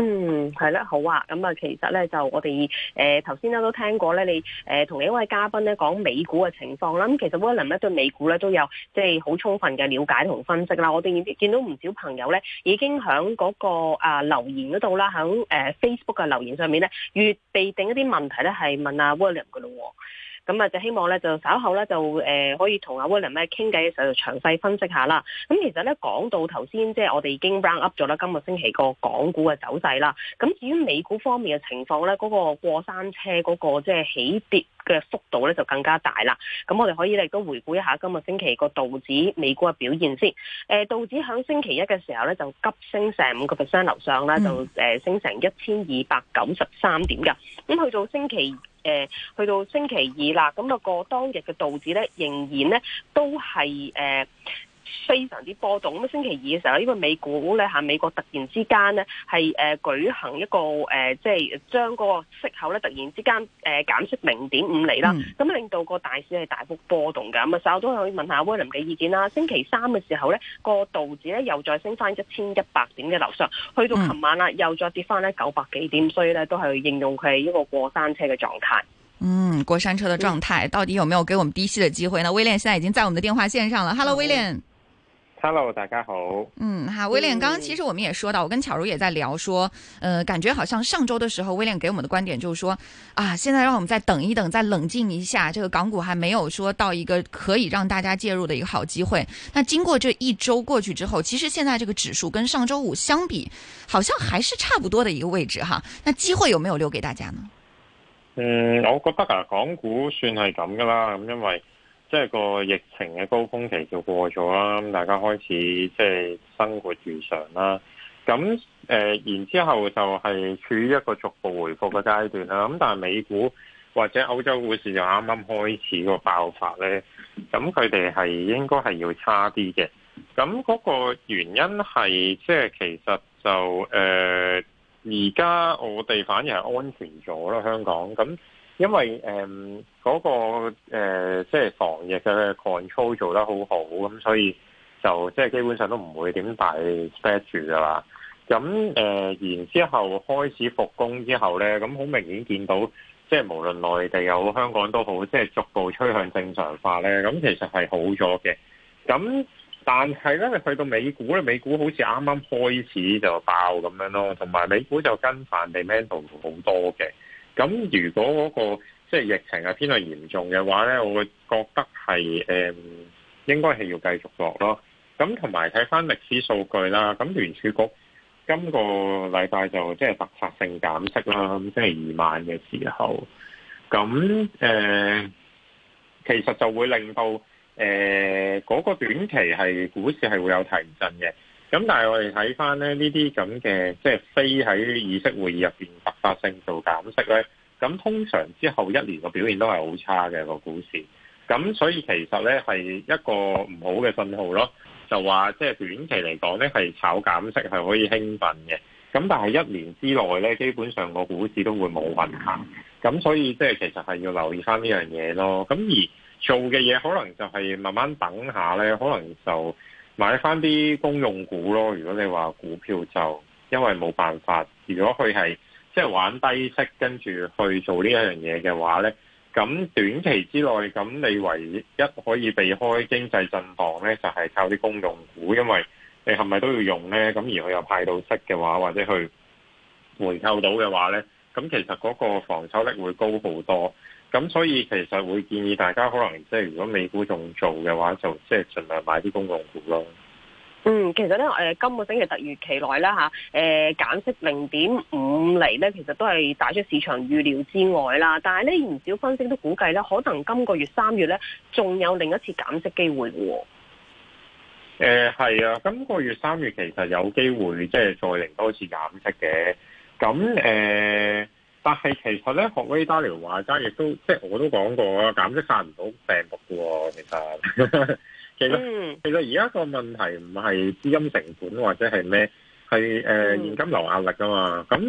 嗯，係啦，好啊，咁、嗯、啊，其實咧就我哋誒頭先咧都聽過咧，你誒同一位嘉賓咧講美股嘅情況啦。咁其實 William 咧對美股咧都有即係好充分嘅了解同分析啦。我哋見到唔少朋友咧已經喺嗰個啊留言嗰度啦，喺 Facebook 嘅留言上面咧，預備定一啲問題咧係問阿 William 嘅咯。咁啊，就希望咧，就稍後咧，就誒可以同阿 William 咧傾偈嘅時候，詳細分析下啦。咁其實咧，講到頭先，即係我哋已經 round up 咗啦，今個星期個港股嘅走勢啦。咁至於美股方面嘅情況咧，嗰個過山車嗰個即係起跌。嘅幅度咧就更加大啦，咁我哋可以嚟都回顧一下今日星期個道指美股嘅表現先。誒，道指喺星期一嘅時候咧就急升成五個 percent 樓上啦，就誒升成一千二百九十三點㗎。咁去到星期，誒、呃，去到星期二啦，咁，那個當日嘅道指咧仍然咧都係誒。呃非常之波動，咁星期二嘅時候呢，呢個美股咧喺美國突然之間呢，係誒、呃、舉行一個誒、呃，即係將嗰個息口咧突然之間誒、呃、減息零點五厘啦，咁、嗯、令到個大市係大幅波動噶。咁啊，稍後都可以問下威廉嘅意見啦。星期三嘅時候呢，個道指咧又再升翻一千一百點嘅樓上，去到琴晚啦又再跌翻咧九百幾點，所以呢，都係應用佢係一個過山車嘅狀態。嗯，過山車嘅狀態到底有冇有給我們低息嘅機會呢？威廉現在已經在我們的電話線上喇，Hello，威廉。Hello，大家好。嗯，哈，威廉，剛剛其實我們也說到，我跟巧如也在聊，說，呃，感覺好像上周的時候，威廉給我們的觀點就是說，啊，現在讓我們再等一等，再冷靜一下，這個港股還沒有說到一個可以讓大家介入的一個好機會。那經過這一周過去之後，其實現在這個指數跟上周五相比，好像還是差不多的一個位置哈。那機會有沒有留給大家呢？嗯，我覺得啊，港股算係咁噶啦，咁因為。即係個疫情嘅高峰期就過咗啦，咁大家開始即係生活如常啦。咁誒、呃，然之後就係處於一個逐步回復嘅階段啦。咁但係美股或者歐洲股市就啱啱開始個爆發咧。咁佢哋係應該係要差啲嘅。咁嗰個原因係即係其實就誒，而、呃、家我哋反而係安全咗囉，香港。咁因為誒。呃嗰、那個、呃、即係防疫嘅 control 做得好好，咁所以就即係基本上都唔會點大 spread 住噶啦。咁誒、呃，然之後開始復工之後咧，咁好明顯見到，即係無論內地又好香港都好，即係逐步趨向正常化咧。咁其實係好咗嘅。咁但係咧，去到美股咧，美股好似啱啱開始就爆咁樣咯，同埋美股就跟返 fundamental 好多嘅。咁如果嗰、那個即係疫情係偏向嚴重嘅話咧，我覺得係誒、嗯、應該係要繼續落咯。咁同埋睇翻歷史數據啦，咁聯儲局今個禮拜就即係突發性減息啦，咁星期二晚嘅時候。咁誒、呃，其實就會令到誒嗰、呃那個短期係股市係會有提振嘅。咁但係我哋睇翻咧呢啲咁嘅即係非喺議息會議入邊突發性做減息咧。咁通常之後一年個表現都係好差嘅個股市，咁所以其實呢係一個唔好嘅信號咯，就話即係短期嚟講呢，係炒減息係可以興奮嘅，咁但係一年之內呢，基本上個股市都會冇運行，咁所以即係其實係要留意翻呢樣嘢咯。咁而做嘅嘢可能就係慢慢等下呢，可能就買翻啲公用股咯。如果你話股票就因為冇辦法，如果佢係。即係玩低息，跟住去做呢一樣嘢嘅話呢，咁短期之內，咁你唯一可以避開經濟震蕩呢，就係靠啲公用股，因為你係咪都要用呢？咁而佢又派到息嘅話，或者去回購到嘅話呢，咁其實嗰個防守力會高好多。咁所以其實會建議大家可能即係如果美股仲做嘅話，就即係盡量買啲公用股咯。嗯，其實咧，誒、呃，今個星期突如其來啦吓，誒，減息零點五厘咧，其實都係大出市場預料之外啦。但係呢，唔少分析都估計咧，可能今個月三月咧，仲有另一次減息機會嘅，哦。誒、呃，係啊，今個月三月其實有機會即係再嚟多次減息嘅。咁誒、呃，但係其實咧，學威達利話齋，亦都即係我都講過啊，減息殺唔到病毒嘅，其實。 其實其實而家個問題唔係資金成本或者係咩，係誒、呃嗯、現金流壓力啊嘛。咁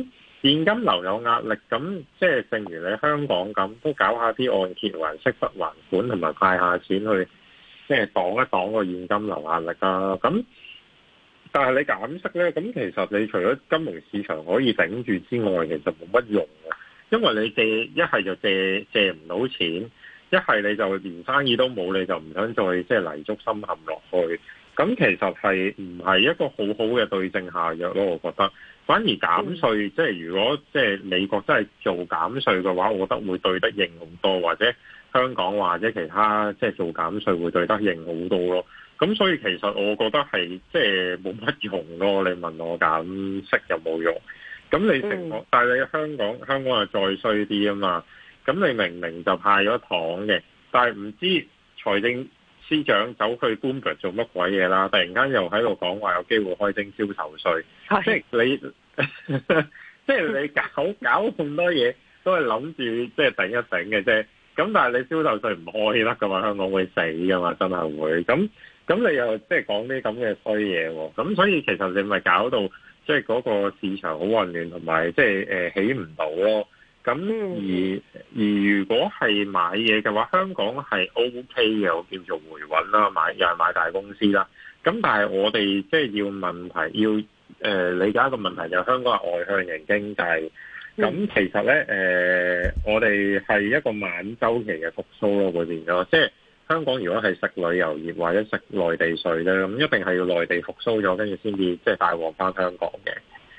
現金流有壓力，咁即係正如你香港咁，都搞下啲按揭還息不還款，同埋派下錢去，即係擋一擋個現金流壓力啊。咁但係你減息咧，咁其實你除咗金融市場可以頂住之外，其實冇乜用啊。因為你借一係就借借唔到錢。一係你就連生意都冇，你就唔想再即係、就是、泥足深陷落去。咁其實係唔係一個好好嘅對症下藥咯？我覺得反而減稅、嗯，即係如果即係美國真係做減稅嘅話，我覺得會對得應好多，或者香港或者其他即係做減稅會對得應好多咯。咁所以其實我覺得係即係冇乜用咯。你問我減息有冇用？咁你成，嗯、但係你香港香港係再衰啲啊嘛。咁你明明就派咗糖嘅，但係唔知財政司長走去官 m 做乜鬼嘢啦？突然間又喺度講話有機會開徵消售稅，即係你即係你搞搞咁多嘢都係諗住即係頂一頂嘅啫。咁但係你消售稅唔開啦咁嘛？香港會死噶嘛？真係會。咁咁你又即係講啲咁嘅衰嘢喎？咁所以其實你咪搞到即係嗰個市場好混亂，同埋即係起唔到咯。咁而而如果係買嘢嘅話，香港係 O K 嘅，我叫做回穩啦，買又係買大公司啦。咁但係我哋即係要問題，要誒、呃、理解一個問題，就係香港係外向型經濟。咁其實咧，誒、呃、我哋係一個晚周期嘅復甦咯，嗰邊，囉即係香港如果係食旅遊業或者食內地稅咧，咁一定係要內地復甦咗，跟住先至即係大旺翻香港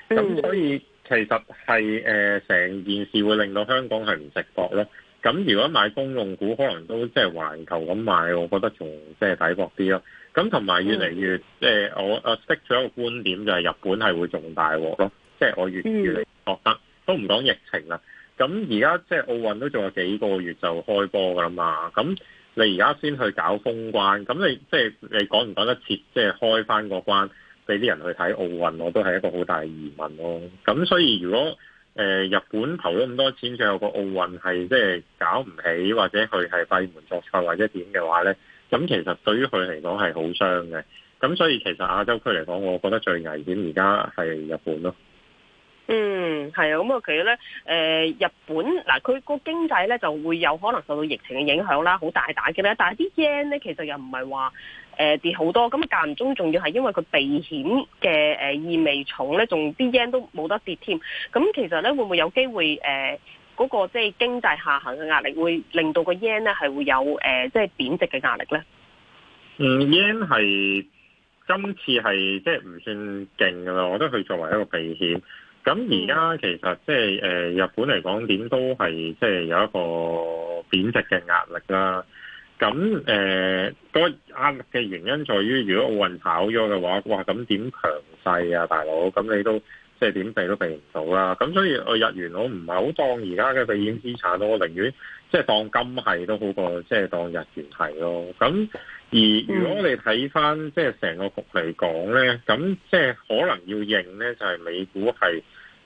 嘅。咁所以。其實係誒成件事會令到香港係唔值博咧，咁如果買公用股，可能都即係環球咁買，我覺得仲即係抵博啲咯。咁同埋越嚟越，即係、嗯呃、我我識咗一個觀點就是是，就係日本係會仲大鑊咯。即係我越越嚟覺得，都唔講疫情啦。咁而家即係奧運都仲有幾個月就開波㗎喇嘛。咁你而家先去搞封關，咁你即係、就是、你趕唔趕得切，即、就、係、是、開翻個關？俾啲人去睇奧運，我都係一個好大疑問咯。咁所以如果誒、呃、日本投咗咁多錢，最後個奧運係即係搞唔起，或者佢係閉門作賽或者點嘅話咧，咁其實對於佢嚟講係好傷嘅。咁所以其實亞洲區嚟講，我覺得最危險而家係日本咯。嗯，係啊，咁啊，其實咧，誒、呃、日本嗱，佢個經濟咧就會有可能受到疫情嘅影響啦，好大打擊咧。但係啲 yen 咧，其實又唔係話，誒、呃、跌好多，咁啊間唔中仲要係因為佢避險嘅誒、呃、意味重咧，仲啲 yen 都冇得跌添。咁其實咧會唔會有機會誒嗰、呃那個即係經濟下行嘅壓力，會令到個 yen 咧係會有誒即係貶值嘅壓力咧？嗯，yen 係今次係即係唔算勁㗎喇，我覺得佢作為一個避險。咁而家其實即係誒日本嚟講，點都係即係有一個貶值嘅壓力啦。咁誒，呃那個壓力嘅原因在於，如果奧運跑咗嘅話，哇！咁點強勢啊，大佬？咁你都即係點避都避唔到啦。咁所以我日元我唔係好當而家嘅避險資產咯，我寧願即係當金係都好過即係當日元係咯。咁而如果我哋睇翻即係成個局嚟講咧，咁即係可能要認咧，就係美股係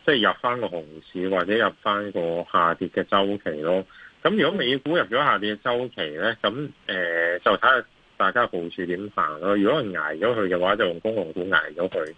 即係入翻個熊市，或者入翻個下跌嘅周期咯。咁如果美股入咗下跌嘅周期咧，咁誒、呃、就睇下大家部署點行咯。如果挨咗佢嘅話，就用公用股挨咗佢。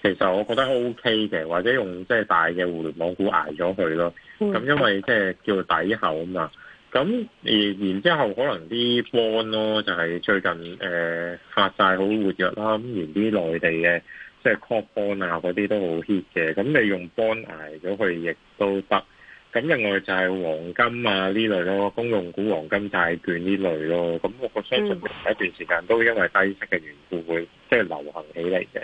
其實我覺得 OK 嘅，或者用即係大嘅互聯網股挨咗佢咯。咁因為即係叫做底厚啊嘛。咁然然之後可能啲 bond 咯，就係最近誒、呃、發晒好活躍啦。咁連啲內地嘅即係 corporate 嗰啲都好 hit 嘅。咁你用 bond 挨咗佢，亦都得。咁另外就係黃金啊呢類咯，公用股、黃金、債券呢類咯，咁我相信前一段時間都因為低息嘅緣故，會即係流行起嚟嘅。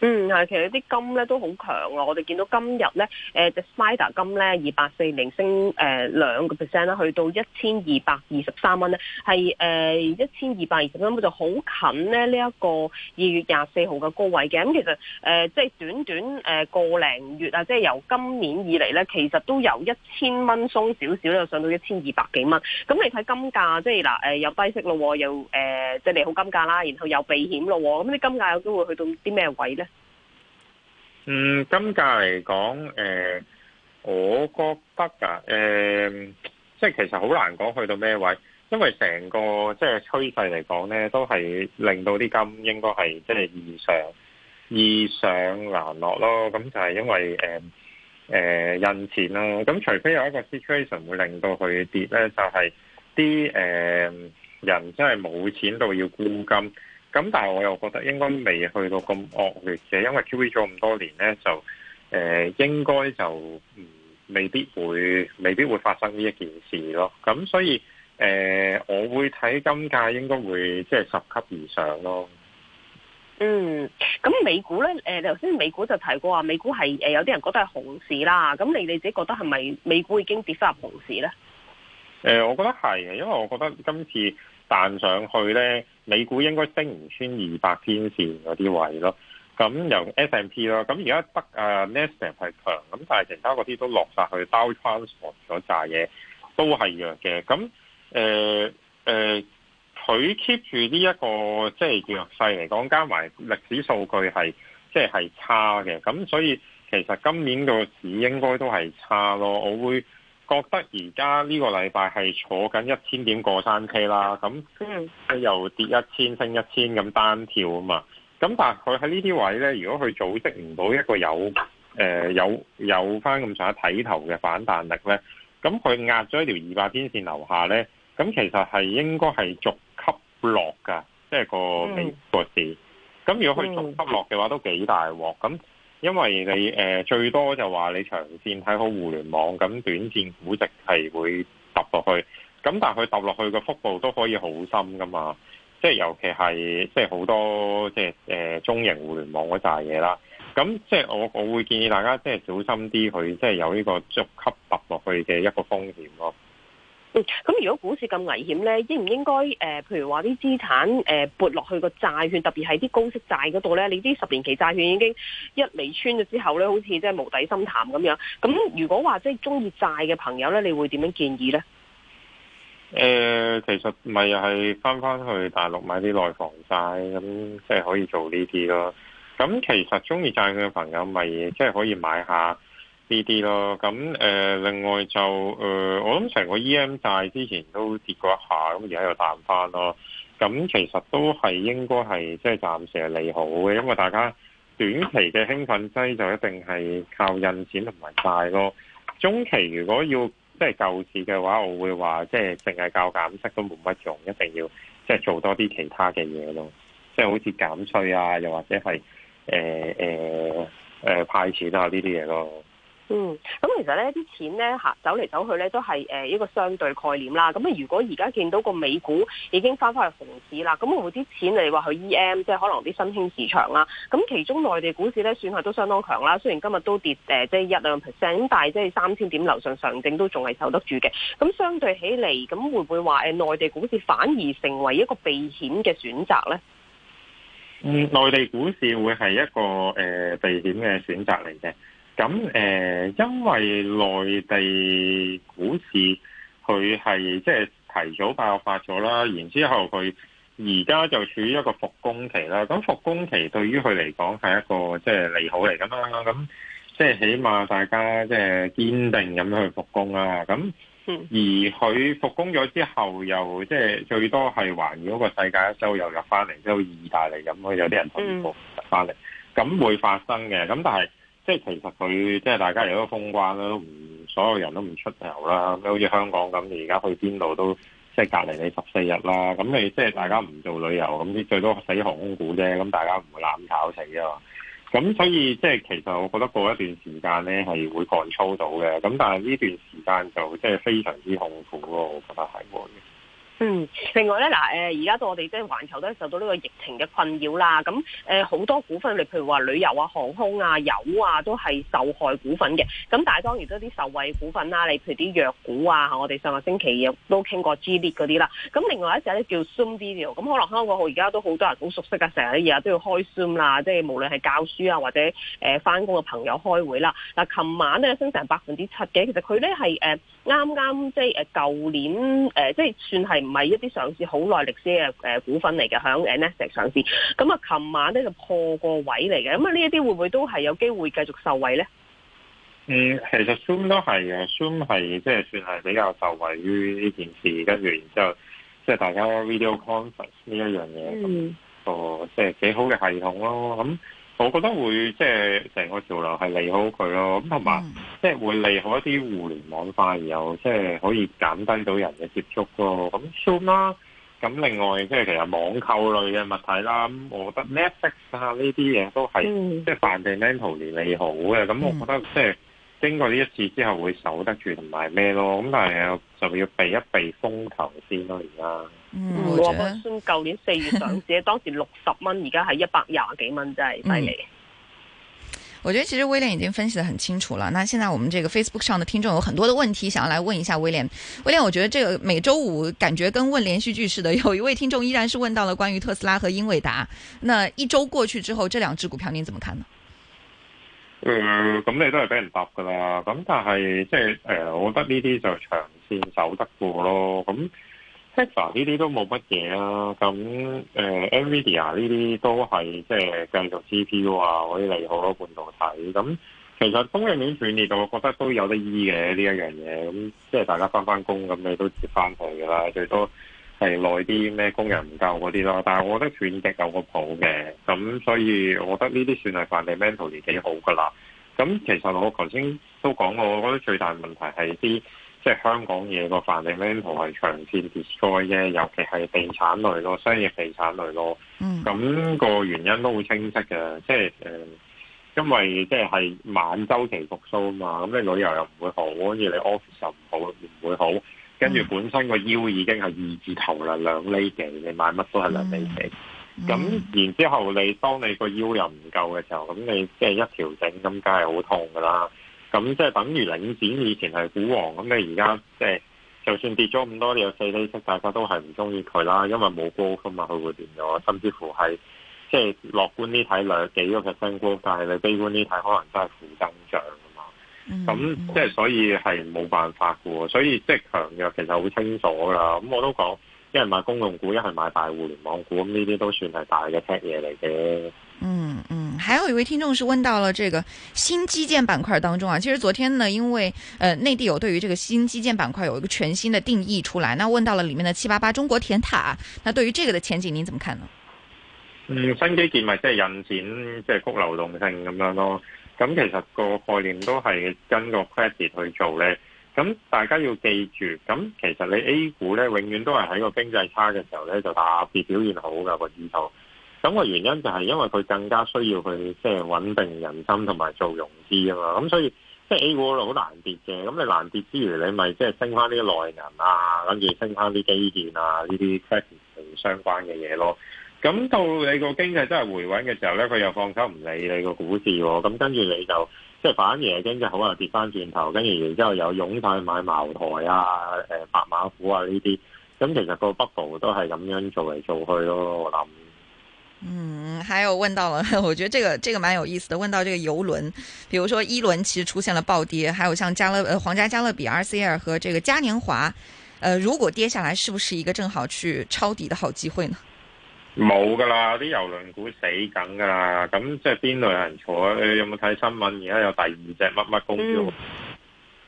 嗯，係，其實啲金咧都好強啊！我哋見到今日咧，誒、呃、，Spider 金咧二百四零升誒兩個 percent 啦，去到一千二百二十三蚊咧，係誒一千二百二十蚊，就好近咧呢、嗯呃、一個二月廿四號嘅高位嘅。咁其實誒，即係短短誒個零月啊，即係由今年以嚟咧，其實都由 1, 一千蚊鬆少少咧，就上到一千二百幾蚊。咁、嗯、你睇金價，即係嗱，誒、呃、又低息咯，又誒即係利好金價啦，然後又避險咯，咁、嗯、啲金價有機會去到啲咩位咧？嗯，金價嚟講，誒，我覺得啊，誒、呃，即係其實好難講去到咩位，因為成個即係趨勢嚟講咧，都係令到啲金應該係即係易上易上難落咯。咁就係因為誒誒、呃呃、印錢啦。咁除非有一個 situation 會令到佢跌咧，就係啲誒人真係冇錢到要沽金。咁但係我又覺得應該未去到咁惡劣嘅，因為調息咗咁多年咧，就誒、呃、應該就唔未必會，未必會發生呢一件事咯。咁、嗯、所以誒、呃，我會睇金價應該會即係十級以上咯。嗯，咁美股咧，誒頭先美股就提過話，美股係誒有啲人覺得係熊市啦。咁你哋自己覺得係咪美股已經跌翻入熊市咧？誒、嗯呃，我覺得係嘅，因為我覺得今次。彈上去咧，美股應該升唔穿二百天線嗰啲位咯。咁由 S&P 囉，咁而家得啊 Nasdaq 係強，咁但係其他嗰啲都落晒去 Dow transport 炸嘢，都係弱嘅。咁誒誒，佢 keep 住呢一個即係、就是、弱勢嚟講，加埋歷史數據係即係係差嘅。咁所以其實今年個市應該都係差咯。我會覺得而家呢個禮拜係坐緊一千點過山 K 啦，咁，佢又跌一千升一千咁單跳啊嘛，咁但係佢喺呢啲位置呢，如果佢組織唔到一個有誒、呃、有有翻咁上下睇頭嘅反彈力呢，咁佢壓咗一條二百天線留下呢，咁其實係應該係逐級落㗎，即係、嗯、個美股市，咁如果佢逐級落嘅話都，都幾大鑊咁。因為你、呃、最多就話你長線睇好互聯網，咁短線估值係會揼落去。咁但係佢揼落去個幅度都可以好深噶嘛。即係尤其係即係好多即係、呃、中型互聯網嗰扎嘢啦。咁即係我我會建議大家即係小心啲，佢即係有呢個逐級揼落去嘅一個風險咯。咁、嗯、如果股市咁危險呢，應唔應該誒、呃，譬如話啲資產誒、呃、撥落去個債券，特別係啲高息債嗰度呢？你啲十年期債券已經一嚟穿咗之後呢，好似即係無底深潭咁樣。咁如果話即係中意債嘅朋友呢，你會點樣建議呢？誒、呃，其實咪又係翻翻去大陸買啲內房債，咁即係可以做呢啲咯。咁其實中意債券嘅朋友咪即係可以買一下，呢啲咯，咁誒、呃、另外就誒、呃，我諗成個 EM 債之前都跌過一下，咁而家又彈翻咯。咁其實都係應該係即係暫時係利好嘅，因為大家短期嘅興奮劑就一定係靠印錢同埋債咯。中期如果要即係救市嘅話，我會話即係淨係靠減息都冇乜用，一定要即係做多啲其他嘅嘢咯，即係好似減稅啊，又或者係誒誒誒派錢啊呢啲嘢咯。嗯，咁其實呢啲錢呢，吓走嚟，走去呢都係誒一個相對概念啦。咁啊，如果而家見到個美股已經翻翻去熊市啦，咁會唔會啲錢嚟話去 EM，即係可能啲新興市場啦？咁其中內地股市呢，算係都相當強啦。雖然今日都跌誒，即係一兩 percent，但係即係三千點樓上上證都仲係受得住嘅。咁相對起嚟，咁會唔會話誒內地股市反而成為一個避險嘅選擇呢？嗯，內地股市會係一個誒、呃、避險嘅選擇嚟嘅。咁誒、呃，因為內地股市佢係即係提早爆發咗啦，然之後佢而家就處於一個復工期啦。咁復工期對於佢嚟講係一個即係利好嚟㗎嘛。咁即係起碼大家即係堅定咁樣去復工啦。咁而佢復工咗之後，又即係最多係環繞個世界一周又入翻嚟，即係意大利咁，有啲人可以復翻嚟，咁、嗯、會發生嘅。咁但係。即係其實佢即係大家有個封關啦，都唔所有人都唔出遊啦，咁好似香港咁，你而家去邊度都即係隔離你十四日啦。咁你即係大家唔做旅遊，咁你最多死航空股啫。咁大家唔會攬炒死啊嘛。咁所以即係其實我覺得過一段時間咧係會控制到嘅。咁但係呢段時間就即係非常之痛苦咯。我覺得係會嗯，另外咧，嗱，誒，而家到我哋即係環球都受到呢個疫情嘅困擾啦，咁誒好多股份，你譬如話旅遊啊、航空啊、油啊，都係受害股份嘅。咁但係當然都啲受惠股份啦，你譬如啲藥股啊，我哋上個星期亦都傾過 G 列嗰啲啦。咁另外一隻咧叫 Zoom Video，咁可能香港好而家都好多人好熟悉嘅，成日日都要開 Zoom 啦，即係無論係教書啊或者誒翻工嘅朋友開會啦。嗱，琴晚咧升成百分之七嘅，其實佢咧係啱啱即係誒舊年誒，即係算係唔係一啲上市好耐歷史嘅誒股份嚟嘅，喺 Netflix 上市。咁啊，琴晚咧就破個位嚟嘅。咁啊，呢一啲會唔會都係有機會繼續受惠咧？嗯，其實都是 Zoom 都係嘅，Zoom 係即係算係比較受惠於呢件事，跟住然之後，即、就、係、是、大家 video conference 呢一樣嘢，咁哦、嗯，即係幾好嘅系統咯，咁。我覺得會即係成個潮流係利好佢咯，咁同埋即係會利好一啲互聯網化後，而又即係可以減低到人嘅接觸咯。咁算啦，咁另外即係其實網購類嘅物體啦，咁我覺得 Netflix 啊呢啲嘢都係即係 fundamentally 利好嘅。咁我覺得即係經過呢一次之後會守得住同埋咩咯？咁但係就要避一避風頭先咯而家。嗯、我本身舊年四月上市，當時六十蚊，而家係一百廿幾蚊，真係犀利。我覺得其實威廉已經分析得很清楚了。那現在我們這個 Facebook 上的聽眾有很多的問題，想要來問一下威廉。威廉，我覺得這個每周五感覺跟問連續劇似的。有一位聽眾依然是問到了關於特斯拉和英偉達。那一周過去之後，這兩隻股票您怎麼看呢？誒、呃，咁你都係俾人答噶啦。咁但係即係誒，我覺得呢啲就長線走得過咯。咁。Tesla 呢啲都冇乜嘢啦。咁誒、呃、Nvidia 呢啲都係即係繼續 CPU 啊，可以利好多半導體。咁其實供應鏈斷裂，我覺得都有得醫嘅呢一樣嘢。咁即係大家返返工咁，你都接返佢噶啦，最多係耐啲咩工人唔夠嗰啲啦。但係我覺得斷極有個譜嘅，咁所以我覺得呢啲算係 fundamental 而幾好噶啦。咁其實我頭先都講過，我覺得最大問題係啲。即係香港嘢個範圍，同係長線跌衰啫，尤其係地產類咯，商業地產類咯。咁、mm. 個原因都好清晰嘅，即係誒、呃，因為即係係晚週期復甦啊嘛。咁你旅遊又唔會好，跟住你 office 又唔好，唔會好。跟住、mm. 本身個腰已經係二字頭啦，兩厘幾，你買乜都係兩厘幾。咁、mm. 然之後你，你當你個腰又唔夠嘅時候，咁你即係一調整，咁梗係好痛噶啦。咁即係等於領展以前係股王咁，你而家即係就算跌咗咁多，你有四厘七，大家都係唔中意佢啦，因為冇高噶嘛，佢會變咗，甚至乎係即係樂觀呢睇兩幾個 percent 高，但係你悲觀呢睇可能都係負增長噶嘛。咁即係所以係冇辦法噶喎，所以即係強弱其實好清楚啦。咁我都講一係買公用股，一係買大互聯網股，咁呢啲都算係大嘅 p a 嘢嚟嘅。嗯嗯。還有一位聽眾是問到了這個新基建板塊當中啊，其實昨天呢，因為，呃，內地有對於這個新基建板塊有一個全新的定義出來，那問到了裏面的七八八中國鐵塔，那對於這個的前景您怎麼看呢？嗯，新基建咪即係引展，即係谷流動性咁樣咯，咁其實個概念都係跟個 credit 去做咧，咁大家要記住，咁其實你 A 股咧永遠都係喺個經濟差嘅時候咧就特別表現好噶個指數。我意咁個原因就係因為佢更加需要去即係穩定人心同埋做融資啊嘛，咁所以即係、就是、A 股好難跌嘅。咁你難跌之餘，你咪即係升翻啲內銀啊，跟住升翻啲基建啊，呢啲科技同相關嘅嘢咯。咁到你個經濟真係回穩嘅時候咧，佢又放手唔理你個股市喎。咁跟住你就即係、就是、反而係經濟可能跌翻轉頭，跟住然之後又湧晒去買茅台啊、誒白馬股啊呢啲。咁其實個 bubble 都係咁樣做嚟做去咯，我諗。嗯，還有問到了，我覺得這個這個蠻有意思的。問到這個遊輪，比如說伊輪其實出現了暴跌，還有像加勒、皇家加勒比、RCR 和這個嘉年華，呃，如果跌下來，是不是一個正好去抄底的好機會呢？冇噶啦，啲遊輪股死梗噶啦。咁即係邊類人坐？你有冇睇新聞？而家有第二隻乜乜公主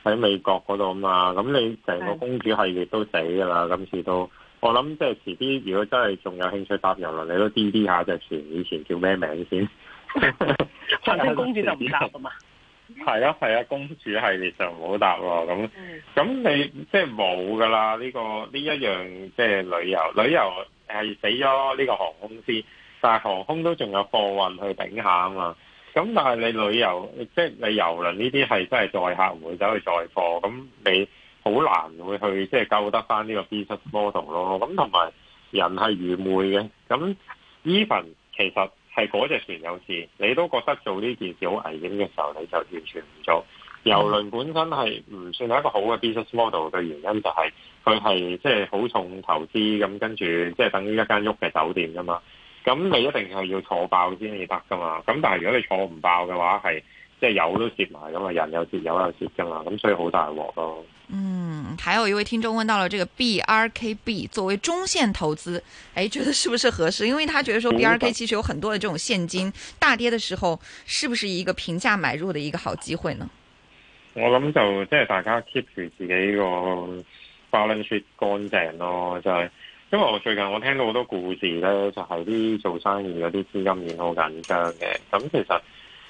喺美國嗰度吖嘛？咁你成個公主系列都死噶啦，今次都。我諗即係遲啲，如果真係仲有興趣搭遊輪，你都 D D 下隻船，以前叫咩名先？白雪 公主就唔搭噶嘛？係咯係啊，公主系列就唔好搭咯。咁咁、嗯、你即係冇噶啦？呢、就是呢個呢一樣即係、就是、旅遊，旅遊係死咗呢、呢個航空公司，但係航空都仲有貨運去頂下啊嘛。咁但係你旅遊即係你遊輪呢啲係真係載客，唔會走去載貨。咁你。好難會去即係救得翻呢個 business model 咯，咁同埋人係愚昧嘅，咁 even 其實係嗰隻船有事，你都覺得做呢件事好危險嘅時候，你就完全唔做。遊輪本身係唔算係一個好嘅 business model 嘅原因就係佢係即係好重投資，咁跟住即係等於一間屋嘅酒店噶嘛，咁你一定係要坐爆先至得噶嘛，咁但係如果你坐唔爆嘅話，係即係油都蝕埋，㗎嘛。人又蝕，油又蝕噶嘛，咁所以好大鑊咯。嗯，還有一位聽眾問到了這個 BRKB 作為中線投資，誒、哎，覺得是不是合適？因為他覺得說 BRK 其實有很多的這種現金、嗯、大跌的時候，是不是一個平價買入的一個好機會呢？我諗就即係大家 keep 住自己個 balance sheet 乾淨咯，就係、是、因為我最近我聽到好多故事呢，就係、是、啲做生意有啲資金鏈好緊張嘅，咁其實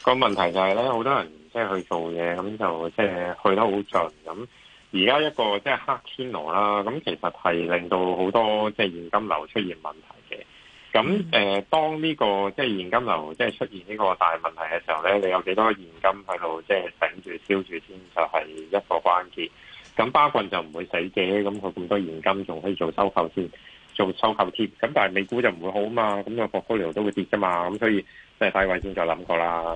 個問題就係呢，好多人即係去做嘢，咁就即係去得好盡咁。而家一個即係黑天鵝啦，咁其實係令到好多即係現金流出現問題嘅。咁誒、呃，當呢個即係現金流即係出現呢個大問題嘅時候咧，你有幾多，多現金喺度即係頂住燒住先，就係一個關鍵。咁巴棍就唔會死嘅，咁佢咁多現金仲可以做收購先，做收購添。咁但係美股就唔會好嘛，咁、那個 portfolio 都會跌㗎嘛。咁所以即係大位先就諗過啦。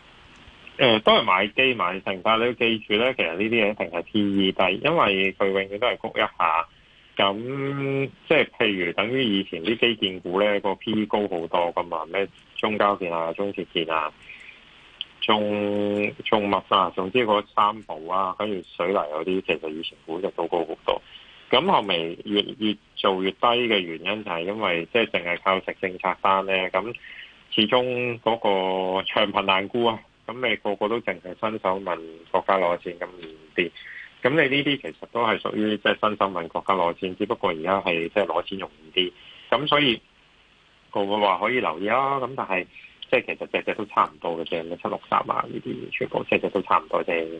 誒、呃、都係買機買成，但係你要記住咧，其實呢啲嘢一定係 P/E 低，因為佢永遠都係谷一下。咁即係譬如等於以前啲基建股咧，個 P/E 高好多咁嘛？咩中交建啊、中鐵建啊、中中物啊，總之個三寶啊，跟住水泥嗰啲，其實以前股就都高好多。咁後尾越越做越低嘅原因就係因為即係淨係靠食政策單咧。咁始終嗰個長貧難顧啊！咁你個個都淨係伸手問國家攞錢咁易啲，咁你呢啲其實都係屬於即係伸手問國家攞錢，只不過而家係即係攞錢容易啲，咁所以個個話可以留意啦。咁但係即係其實隻隻都差唔多嘅，即係七六三啊呢啲，全部隻隻都差唔多啫。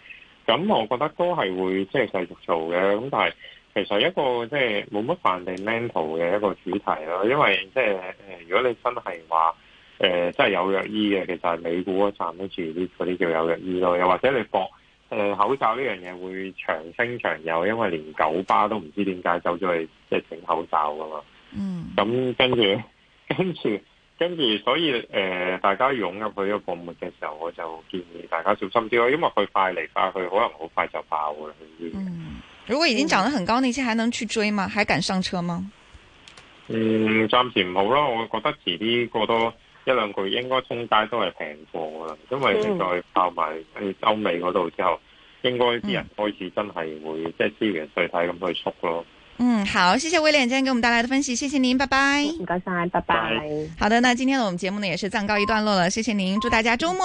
咁我覺得都係會即係、就是、繼續做嘅，咁但係其實一個即係、就、冇、是、乜 fundamental 嘅一個主題咯，因為即係、就是、如果你真係話即真係有藥醫嘅，其實係美股嗰撐得住啲嗰啲叫有藥醫咯，又或者你博、呃、口罩呢樣嘢會長生長有。因為連九巴都唔知點解走咗去即係整口罩㗎嘛。嗯，咁跟住，跟住。跟跟住，所以誒、呃，大家湧入去個部門嘅時候，我就建議大家小心啲咯，因為佢快嚟快去，可能好快就爆嘅。嗯，如果已經漲得很高，那先、嗯、還能去追嗎？還敢上車嗎？嗯，暫時唔好咯。我覺得遲啲過多一兩個月，應該通街都係平貨嘅啦。因為再爆埋去歐美嗰度之後，應該啲人開始真係會、嗯、即係資源衰退咁去縮咯。嗯，好，謝謝威廉今天給我們帶來的分析，謝謝您，拜拜。謝謝，拜拜。好的，那今天的我們節目呢，也是暫告一段落了，謝謝您，祝大家周末。